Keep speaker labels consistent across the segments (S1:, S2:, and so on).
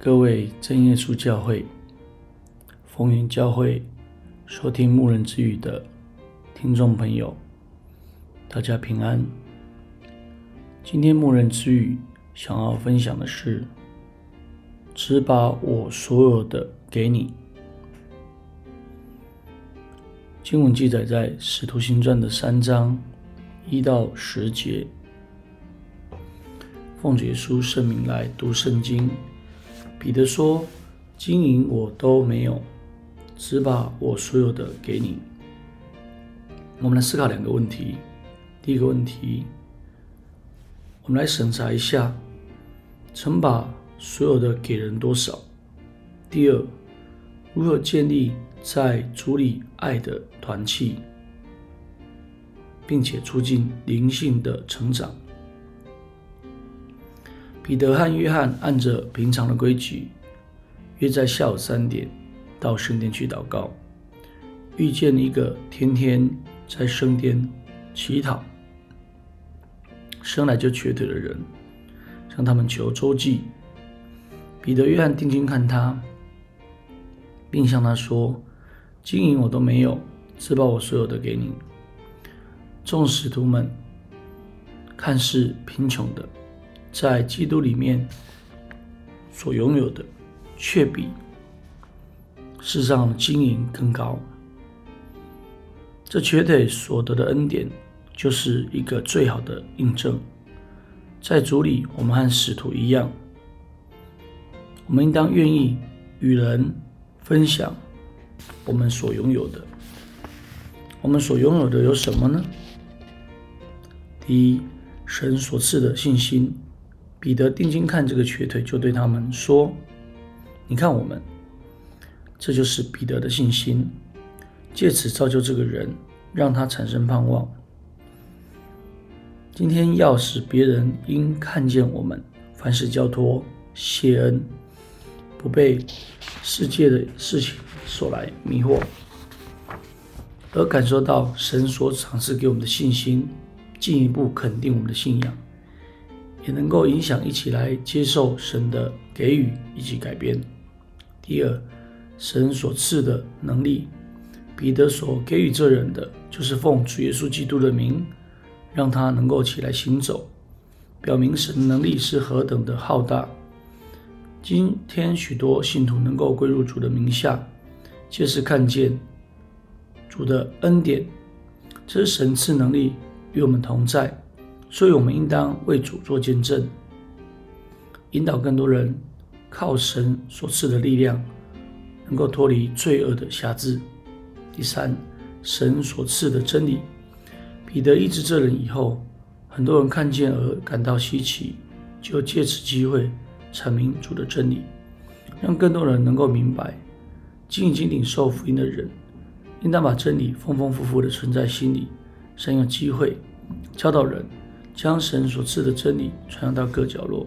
S1: 各位真耶穌教會、風雲教會收聽牧人之語的聽眾朋友，大家平安。今天牧人之語想要分享的是：“只把我所有的給你。”經文記載在《使徒行傳》的三章一到十節。奉耶穌聖名來讀聖經。彼得說：“金銀我都沒有，只把我所有的給你。”我們來思考兩個問題。第一個問題，我們來審查一下，曾把所有的給人多少？第二，如何建立在主裡愛的團契，並且促進靈性的成長？彼得和約翰按着平常的規矩，約在下午三點到聖殿去禱告，遇見一個天天在聖殿乞討、生來就瘸腿的人，向他們求周濟。彼得、約翰定睛看他，並向他說：“金銀我都沒有，只把我所有的給你。”眾使徒們看似貧窮的。在基督裡面所擁有的，卻比世上金銀更高。這絕對所得的恩典，就是一個最好的印證。在主裡，我們和使徒一樣，我們應當願意與人分享我們所擁有的。我們所擁有的有什麼呢？第一，神所賜的信心。彼得定睛看這個瘸腿，就對他們說：“你看我們，這就是彼得的信心，借此造就這個人，讓他產生盼望。今天要使別人因看見我們，凡事交託、謝恩，不被世界的事情所來迷惑，而感受到神所賞賜給我們的信心，進一步肯定我們的信仰。”也能夠影響一起來接受神的給予以及改變。第二，神所賜的能力，彼得所給予這人的，就是奉主耶穌基督的名，讓他能夠起來行走，表明神的能力是何等的浩大。今天許多信徒能夠歸入主的名下，皆是看見主的恩典，這是神賜能力與我們同在。所以我們應當為主做見證，引導更多人靠神所賜的力量，能夠脫離罪惡的轄制。第三，神所賜的真理。彼得醫治這人以後，很多人看見而感到稀奇，就借此機會闡明主的真理，讓更多人能夠明白。經營經領受福音的人，應當把真理豐豐富富的存在心裡，善用機會教導人。將神所賜的真理傳揚到各角落。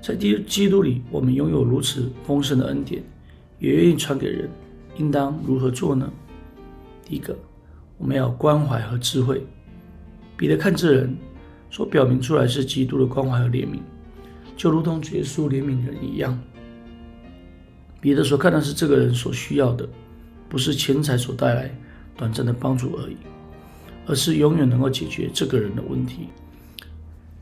S1: 在基基督裡，我們擁有如此豐盛的恩典，也願意傳給人。應當如何做呢？第一個，我們要關懷和智慧。彼得看這人，所表明出來是基督的關懷和憐憫，就如同耶穌憐憫人一樣。彼得所看的是這個人所需要的，不是錢財所帶來短暫的幫助而已，而是永遠能夠解決這個人的問題。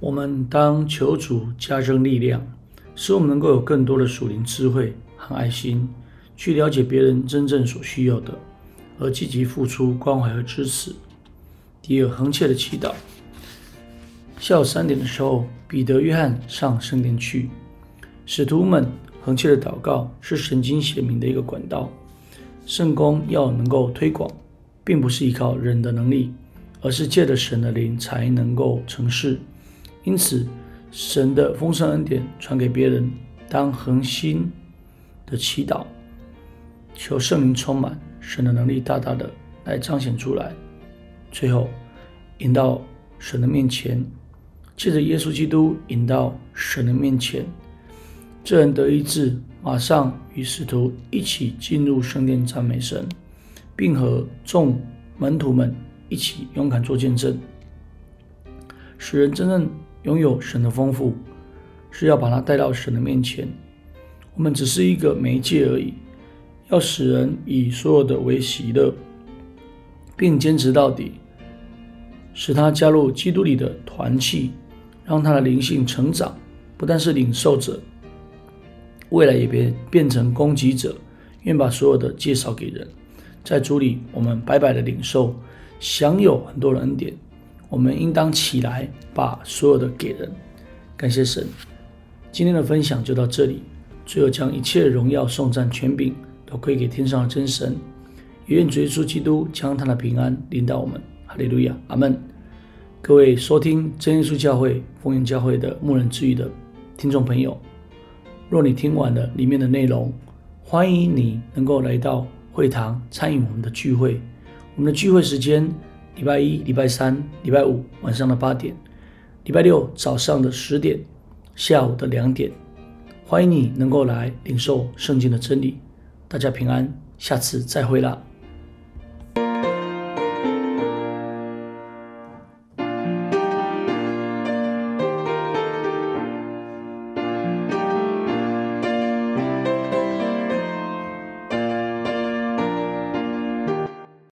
S1: 我們當求主加增力量，使我們能夠有更多的屬靈智慧和愛心，去了解別人真正所需要的，而積極付出關懷和支持。第二，恆切的祈禱。下午三點的時候，彼得、約翰上聖殿去，使徒們恆切的禱告是神經顯明的一個管道。聖工要能夠推廣，並不是依靠人的能力，而是借着神的靈才能夠成事。因此，神的豐盛恩典傳給別人，當恆心的祈禱，求聖靈充滿，神的能力大大的來彰顯出來。最後，引到神的面前，借着耶穌基督引到神的面前。這人得醫治，馬上與使徒一起進入聖殿讚美神，並和眾門徒們一起勇敢做見證，使人真正。擁有神的豐富，是要把它帶到神的面前。我們只是一個媒介而已，要使人以所有的為喜樂，並堅持到底，使他加入基督裡的團契，讓他的靈性成長。不但是領受者，未來也別變成供給者。願把所有的介紹給人，在主裡我們白白的領受，享有很多的恩典。我們應當起來，把所有的給人，感謝神。今天的分享就到這裡，最後將一切的榮耀、頌讚、權柄都歸給天上的真神，也願主耶穌基督將他的平安臨到我們。哈利路亞，阿門。各位收聽真耶穌教會封印教會的牧人之語的聽眾朋友，若你聽完了裡面的內容，歡迎你能夠來到會堂參與我們的聚會。我們的聚會時間。禮拜一、禮拜三、禮拜五晚上的八點，禮拜六早上的十點，下午的兩點，歡迎你能夠來領受聖經的真理。大家平安，下次再會啦。